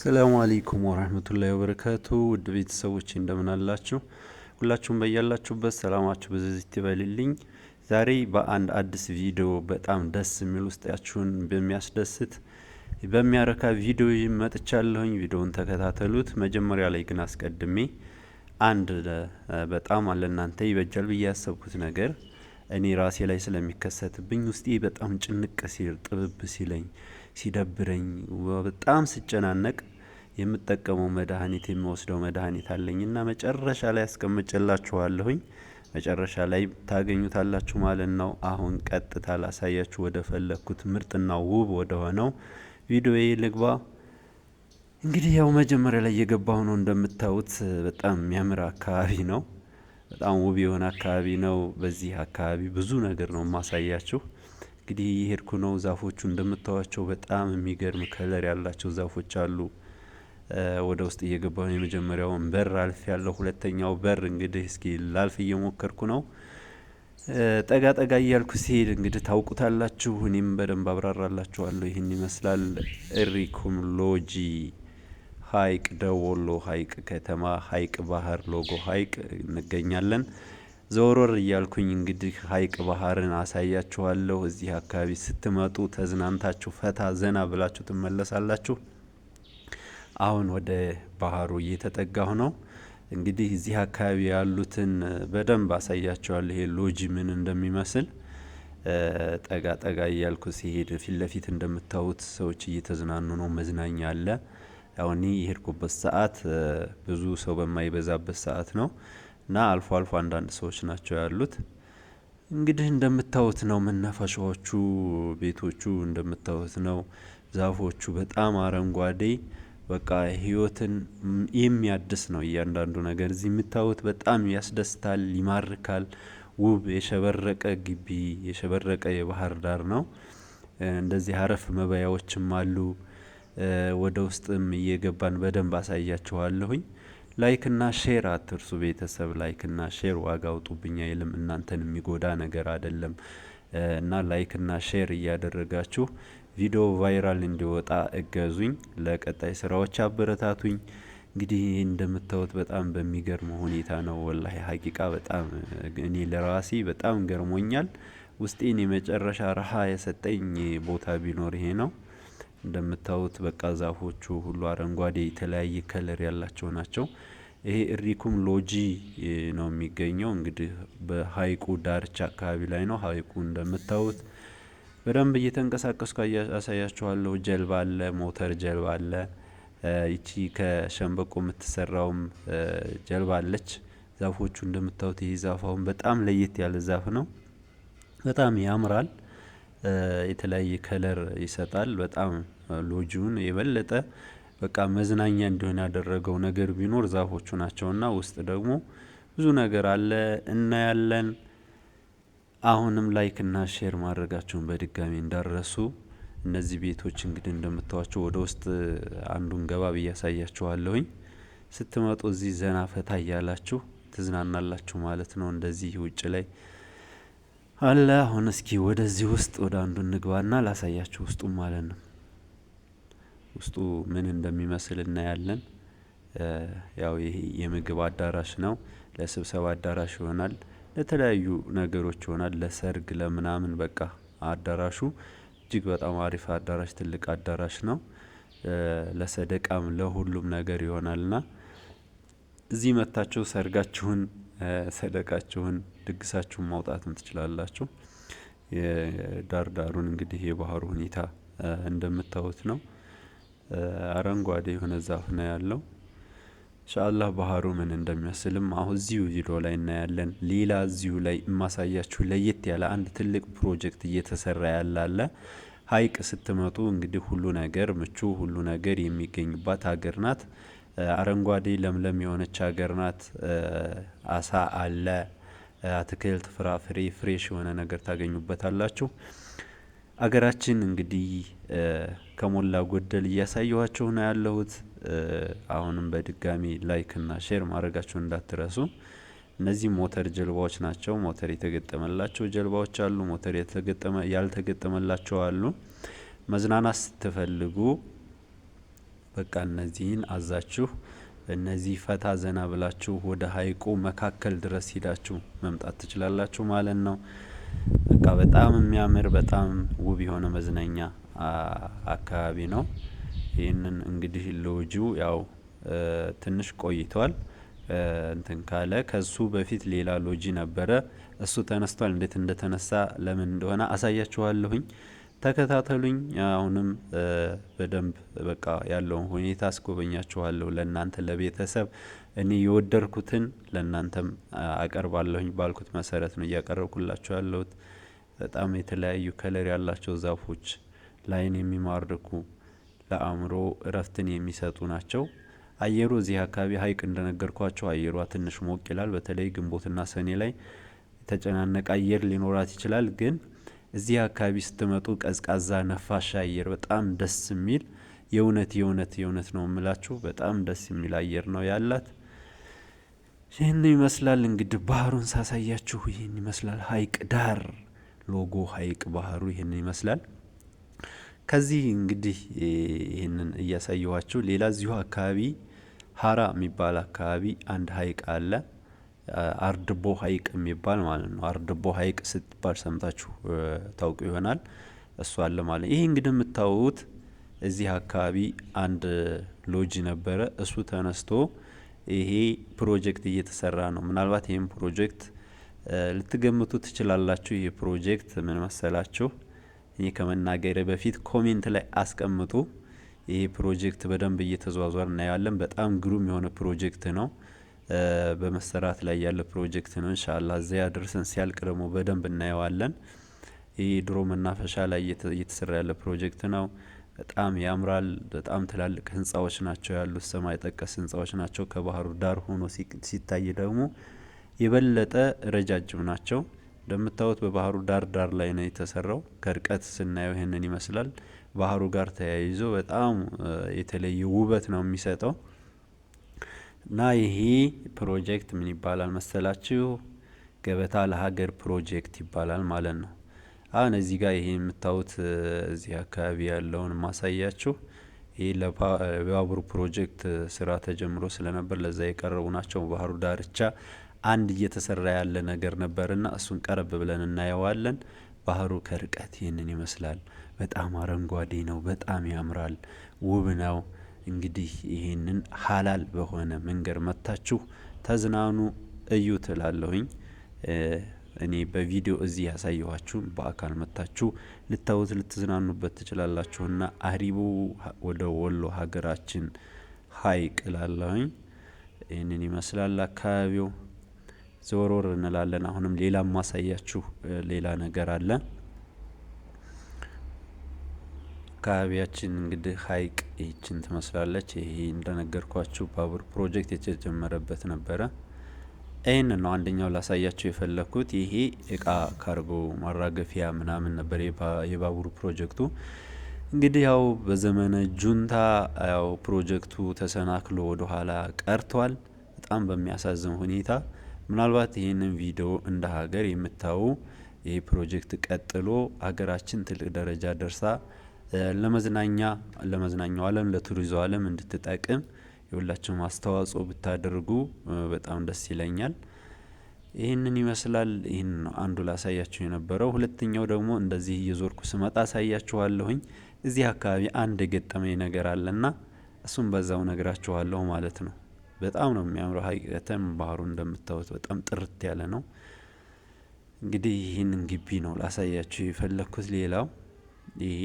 ሰላሙ አለይኩም ወራህመቱላሂ ወበረካቱ ውድ ቤተሰቦች እንደምን አላችሁ? ሁላችሁም በያላችሁበት ሰላማችሁ በዝዝት ይበልልኝ። ዛሬ በአንድ አዲስ ቪዲዮ በጣም ደስ የሚል ውስጣችሁን በሚያስደስት በሚያረካ ቪዲዮ ይመጥቻለሁኝ። ቪዲዮውን ተከታተሉት። መጀመሪያ ላይ ግን አስቀድሜ አንድ በጣም ለእናንተ ይበጃል ብዬ ያሰብኩት ነገር እኔ ራሴ ላይ ስለሚከሰትብኝ ውስጤ በጣም ጭንቅ ሲል ጥብብ ሲለኝ ሲደብረኝ በጣም ስጨናነቅ የምጠቀመው መድኃኒት የምወስደው መድኃኒት አለኝና መጨረሻ ላይ ያስቀምጭላችኋለሁኝ መጨረሻ ላይ ታገኙታላችሁ ማለት ነው። አሁን ቀጥታ ላሳያችሁ ወደ ፈለግኩት ምርጥና ውብ ወደ ሆነው ቪዲዮዬ ልግባ። እንግዲህ ያው መጀመሪያ ላይ የገባሁ ነው እንደምታዩት፣ በጣም የሚያምር አካባቢ ነው። በጣም ውብ የሆነ አካባቢ ነው። በዚህ አካባቢ ብዙ ነገር ነው የማሳያችሁ። እንግዲህ እየሄድኩ ነው። ዛፎቹ እንደምታዋቸው በጣም የሚገርም ከለር ያላቸው ዛፎች አሉ። ወደ ውስጥ እየገባሁ የመጀመሪያውን በር አልፍ ያለው ሁለተኛው በር እንግዲህ እስኪ ላልፍ እየሞከርኩ ነው። ጠጋ ጠጋ እያልኩ ሲሄድ እንግዲህ ታውቁታላችሁ፣ እኔም በደንብ አብራራላችኋለሁ። ይህን ይመስላል እሪኩም ሎጂ ሀይቅ ደወሎ ሀይቅ ከተማ ሀይቅ ባህር ሎጎ ሀይቅ እንገኛለን። ዘወሮር እያልኩኝ እንግዲህ ሀይቅ ባህርን አሳያችኋለሁ። እዚህ አካባቢ ስትመጡ ተዝናንታችሁ ፈታ ዘና ብላችሁ ትመለሳላችሁ። አሁን ወደ ባህሩ እየተጠጋሁ ነው። እንግዲህ እዚህ አካባቢ ያሉትን በደንብ አሳያቸዋለሁ። ይሄ ሎጂ ምን እንደሚመስል ጠጋ ጠጋ እያልኩ ሲሄድ ፊት ለፊት እንደምታዩት ሰዎች እየተዝናኑ ነው። መዝናኛ አለ። አሁን የሄድኩበት ሰዓት ብዙ ሰው በማይበዛበት ሰዓት ነው። እና አልፎ አልፎ አንዳንድ ሰዎች ናቸው ያሉት። እንግዲህ እንደምታዩት ነው መናፈሻዎቹ፣ ቤቶቹ እንደምታዩት ነው። ዛፎቹ በጣም አረንጓዴ በቃ ህይወትን የሚያድስ ነው እያንዳንዱ ነገር እዚህ የምታዩት። በጣም ያስደስታል፣ ይማርካል። ውብ የሸበረቀ ግቢ፣ የሸበረቀ የባህር ዳር ነው። እንደዚህ አረፍ መበያዎችም አሉ። ወደ ውስጥም እየገባን በደንብ አሳያችኋለሁኝ። ላይክና ሼር አትርሱ ቤተሰብ ላይክና ሼር ዋጋ አውጡብኝ አይልም እናንተን የሚጎዳ ነገር አይደለም እና ላይክና ሼር እያደረጋችሁ ቪዲዮ ቫይራል እንዲወጣ እገዙኝ ለቀጣይ ስራዎች አበረታቱኝ እንግዲህ ይህ እንደምታዩት በጣም በሚገርም ሁኔታ ነው ወላሂ ሀቂቃ በጣም እኔ ለራሴ በጣም ገርሞኛል ውስጤን የመጨረሻ ረሃ የሰጠኝ ቦታ ቢኖር ይሄ ነው እንደምታዩት በቃ ዛፎቹ ሁሉ አረንጓዴ የተለያየ ከለር ያላቸው ናቸው። ይሄ እሪኩም ሎጂ ነው የሚገኘው እንግዲህ በሀይቁ ዳርቻ አካባቢ ላይ ነው። ሀይቁ እንደምታዩት በደንብ እየተንቀሳቀስኩ አሳያችኋለሁ። ጀልባ አለ፣ ሞተር ጀልባ አለ። ይቺ ከሸንበቆ የምትሰራውም ጀልባ አለች። ዛፎቹ እንደምታዩት ይህ ዛፍ አሁን በጣም ለየት ያለ ዛፍ ነው። በጣም ያምራል። የተለያየ ከለር ይሰጣል። በጣም ሎጂውን የበለጠ በቃ መዝናኛ እንዲሆን ያደረገው ነገር ቢኖር ዛፎቹ ናቸውና ውስጥ ደግሞ ብዙ ነገር አለ እናያለን። አሁንም ላይክ እና ሼር ማድረጋቸውን በድጋሚ እንዳረሱ። እነዚህ ቤቶች እንግዲህ እንደምታዋቸው ወደ ውስጥ አንዱን ገባ ብዬ ስትመጡ እዚህ ዘና ፈታ እያላችሁ ትዝናናላችሁ ማለት ነው። እንደዚህ ውጭ ላይ አለ። አሁን እስኪ ወደዚህ ውስጥ ወደ አንዱ እንግባና ላሳያችሁ ውስጡም ማለት ነው። ውስጡ ምን እንደሚመስል እናያለን። ያው ይሄ የምግብ አዳራሽ ነው። ለስብሰባ አዳራሽ ይሆናል፣ ለተለያዩ ነገሮች ይሆናል፣ ለሰርግ ለምናምን በቃ አዳራሹ እጅግ በጣም አሪፍ አዳራሽ፣ ትልቅ አዳራሽ ነው። ለሰደቃም ለሁሉም ነገር ይሆናልና እዚህ መታችሁ ሰርጋችሁን፣ ሰደቃችሁን፣ ድግሳችሁን ማውጣትም ትችላላችሁ። የዳርዳሩን እንግዲህ የባህሩ ሁኔታ እንደምታዩት ነው። አረንጓዴ የሆነ ዛፍ ነው ያለው። ኢንሻአላህ ባህሩ ምን እንደሚመስልም አሁን እዚሁ ቪዲዮ ላይ እናያለን። ሌላ እዚሁ ላይ የማሳያችሁ ለየት ያለ አንድ ትልቅ ፕሮጀክት እየተሰራ ያላለ ሀይቅ ስትመጡ እንግዲህ ሁሉ ነገር ምቹ፣ ሁሉ ነገር የሚገኝባት ሀገር ናት። አረንጓዴ ለምለም የሆነች ሀገር ናት። አሳ አለ፣ አትክልት፣ ፍራፍሬ፣ ፍሬሽ የሆነ ነገር ታገኙበታላችሁ። አገራችን እንግዲህ ከሞላ ጎደል እያሳየኋቸው ነው ያለሁት። አሁንም በድጋሚ ላይክ እና ሼር ማድረጋችሁ እንዳትረሱ። እነዚህ ሞተር ጀልባዎች ናቸው። ሞተር የተገጠመላቸው ጀልባዎች አሉ፣ ሞተር ያልተገጠመላቸው አሉ። መዝናናት ስትፈልጉ በቃ እነዚህን አዛችሁ እነዚህ ፈታ ዘና ብላችሁ ወደ ሀይቁ መካከል ድረስ ሂዳችሁ መምጣት ትችላላችሁ ማለት ነው። በቃ በጣም የሚያምር በጣም ውብ የሆነ መዝናኛ አካባቢ ነው። ይህንን እንግዲህ ሎጁ ያው ትንሽ ቆይቷል። እንትን ካለ ከሱ በፊት ሌላ ሎጂ ነበረ። እሱ ተነስቷል። እንዴት እንደተነሳ ለምን እንደሆነ አሳያችኋለሁኝ። ተከታተሉኝ። አሁንም በደንብ በቃ ያለውን ሁኔታ አስጎበኛችኋለሁ። ለእናንተ ለቤተሰብ እኔ የወደድኩትን ለእናንተም አቀርባለሁኝ ባልኩት መሰረት ነው እያቀረብኩላችሁ ያለሁት። በጣም የተለያዩ ከለር ያላቸው ዛፎች ላይን የሚማርኩ ለአእምሮ እረፍትን የሚሰጡ ናቸው። አየሩ እዚህ አካባቢ ሀይቅ እንደነገርኳቸው አየሯ ትንሽ ሞቅ ይላል። በተለይ ግንቦትና ሰኔ ላይ የተጨናነቀ አየር ሊኖራት ይችላል ግን እዚህ አካባቢ ስትመጡ ቀዝቃዛ ነፋሻ አየር በጣም ደስ የሚል የእውነት የእውነት የእውነት ነው የምላችሁ በጣም ደስ የሚል አየር ነው ያላት። ይህን ይመስላል እንግዲህ ባህሩን ሳሳያችሁ ይህን ይመስላል። ሀይቅ ዳር ሎጎ ሀይቅ ባህሩ ይህን ይመስላል። ከዚህ እንግዲህ ይህንን እያሳየኋችሁ ሌላ እዚሁ አካባቢ ሀራ የሚባል አካባቢ አንድ ሀይቅ አለ። አርድቦ ሀይቅ የሚባል ማለት ነው። አርድቦ ሀይቅ ስትባል ሰምታችሁ ታውቁ ይሆናል። እሱ አለ ማለት ይሄ እንግዲህ የምታዩት እዚህ አካባቢ አንድ ሎጅ ነበረ። እሱ ተነስቶ ይሄ ፕሮጀክት እየተሰራ ነው። ምናልባት ይህም ፕሮጀክት ልትገምቱ ትችላላችሁ። ይህ ፕሮጀክት ምን መሰላችሁ? እኔ ከመናገር በፊት ኮሜንት ላይ አስቀምጡ። ይሄ ፕሮጀክት በደንብ እየተዟዟር እናያለን። በጣም ግሩም የሆነ ፕሮጀክት ነው። በመሰራት ላይ ያለ ፕሮጀክት ነው። እንሻላ እዚያ ደርሰን ሲያልቅ ደግሞ በደንብ እናየዋለን። ይህ ድሮ መናፈሻ ላይ እየተሰራ ያለ ፕሮጀክት ነው። በጣም ያምራል። በጣም ትላልቅ ህንፃዎች ናቸው ያሉት፣ ሰማይ ጠቀስ ህንፃዎች ናቸው። ከባህሩ ዳር ሆኖ ሲታይ ደግሞ የበለጠ ረጃጅም ናቸው። እንደምታዩት በባህሩ ዳር ዳር ላይ ነው የተሰራው። ከርቀት ስናየው ይህንን ይመስላል። ባህሩ ጋር ተያይዞ በጣም የተለየ ውበት ነው የሚሰጠው። እና ይሄ ፕሮጀክት ምን ይባላል መሰላችሁ? ገበታ ለሀገር ፕሮጀክት ይባላል ማለት ነው። አሁን እዚህ ጋር ይሄ የምታዩት እዚህ አካባቢ ያለውን ማሳያችሁ ይህ ለባቡር ፕሮጀክት ስራ ተጀምሮ ስለነበር ለዛ የቀረቡ ናቸው። ባህሩ ዳርቻ አንድ እየተሰራ ያለ ነገር ነበርና እሱን ቀረብ ብለን እናየዋለን። ባህሩ ከርቀት ይህንን ይመስላል። በጣም አረንጓዴ ነው። በጣም ያምራል። ውብ ነው። እንግዲህ ይህንን ሀላል በሆነ መንገድ መታችሁ ተዝናኑ እዩ ትላለሁኝ። እኔ በቪዲዮ እዚህ ያሳየኋችሁ በአካል መታችሁ ልታዩት ልትዝናኑበት ትችላላችሁና አሪቡ ወደ ወሎ ሀገራችን ሀይቅ ላለሁኝ ይህንን ይመስላል አካባቢው። ዘወር እንላለን። አሁንም ሌላ ማሳያችሁ ሌላ ነገር አለ። አካባቢያችን እንግዲህ ሀይቅ ይችን ትመስላለች። ይህ እንደነገርኳችሁ ባቡር ፕሮጀክት የተጀመረበት ነበረ። ይህን ነው አንደኛው ላሳያቸው የፈለግኩት። ይሄ እቃ ካርጎ ማራገፊያ ምናምን ነበር የባቡር ፕሮጀክቱ። እንግዲህ ያው በዘመነ ጁንታ ያው ፕሮጀክቱ ተሰናክሎ ወደኋላ ቀርቷል፣ በጣም በሚያሳዝን ሁኔታ። ምናልባት ይህንን ቪዲዮ እንደ ሀገር የምታዩ ይህ ፕሮጀክት ቀጥሎ ሀገራችን ትልቅ ደረጃ ደርሳ ለመዝናኛ ለመዝናኛው ዓለም ለቱሪዝም ዓለም እንድትጠቅም የሁላችሁም አስተዋጽኦ ብታደርጉ በጣም ደስ ይለኛል። ይህንን ይመስላል። ይህን አንዱ ላሳያችሁ የነበረው። ሁለተኛው ደግሞ እንደዚህ እየዞርኩ ስመጣ አሳያችኋለሁኝ። እዚህ አካባቢ አንድ የገጠመኝ ነገር አለና እሱም በዛው ነግራችኋለሁ ማለት ነው። በጣም ነው የሚያምረው። ሀቂቀተን ባህሩ እንደምታዩት በጣም ጥርት ያለ ነው። እንግዲህ ይህንን ግቢ ነው ላሳያችሁ የፈለግኩት። ሌላው ይሄ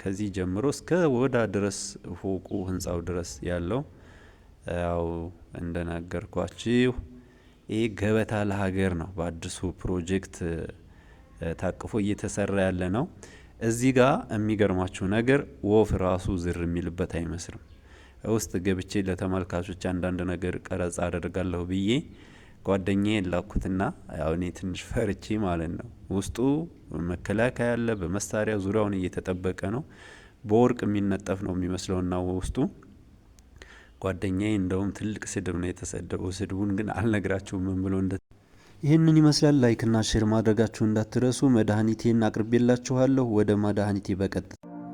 ከዚህ ጀምሮ እስከ ወዳ ድረስ ፎቁ ህንፃው ድረስ ያለው ያው እንደነገርኳችሁ ይሄ ገበታ ለሀገር ነው። በአዲሱ ፕሮጀክት ታቅፎ እየተሰራ ያለ ነው። እዚህ ጋር የሚገርማችሁ ነገር ወፍ ራሱ ዝር የሚልበት አይመስልም። ውስጥ ገብቼ ለተመልካቾች አንዳንድ ነገር ቀረጻ አደርጋለሁ ብዬ ጓደኛ የላኩትና ያው እኔ ትንሽ ፈርቼ ማለት ነው። ውስጡ መከላከያ አለ፣ በመሳሪያ ዙሪያውን እየተጠበቀ ነው። በወርቅ የሚነጠፍ ነው የሚመስለውና ውስጡ ጓደኛዬ እንደውም ትልቅ ስድብ ነው የተሰደበው። ስድቡን ግን አልነግራችሁም ምን ብሎ እንደ ይህንን ይመስላል። ላይክና ሼር ማድረጋችሁ እንዳትረሱ። መድኃኒቴን አቅርቤላችኋለሁ። ወደ መድኃኒቴ በቀጥታ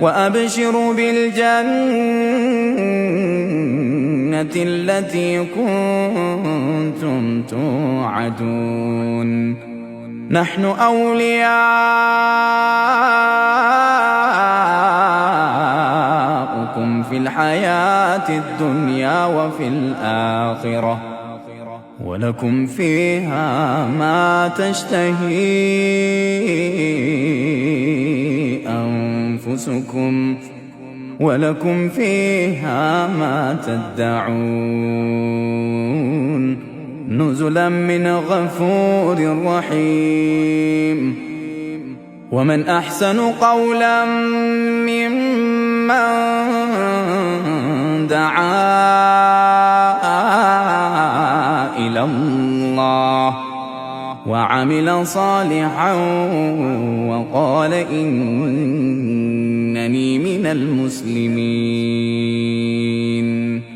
وأبشروا بالجنة التي كنتم توعدون نحن أولياؤكم في الحياة الدنيا وفي الآخرة ولكم فيها ما تشتهي أنفسكم ولكم فيها ما تدعون نزلا من غفور رحيم ومن أحسن قولا ممن دعا الله وعمل صالحا وقال إنني من المسلمين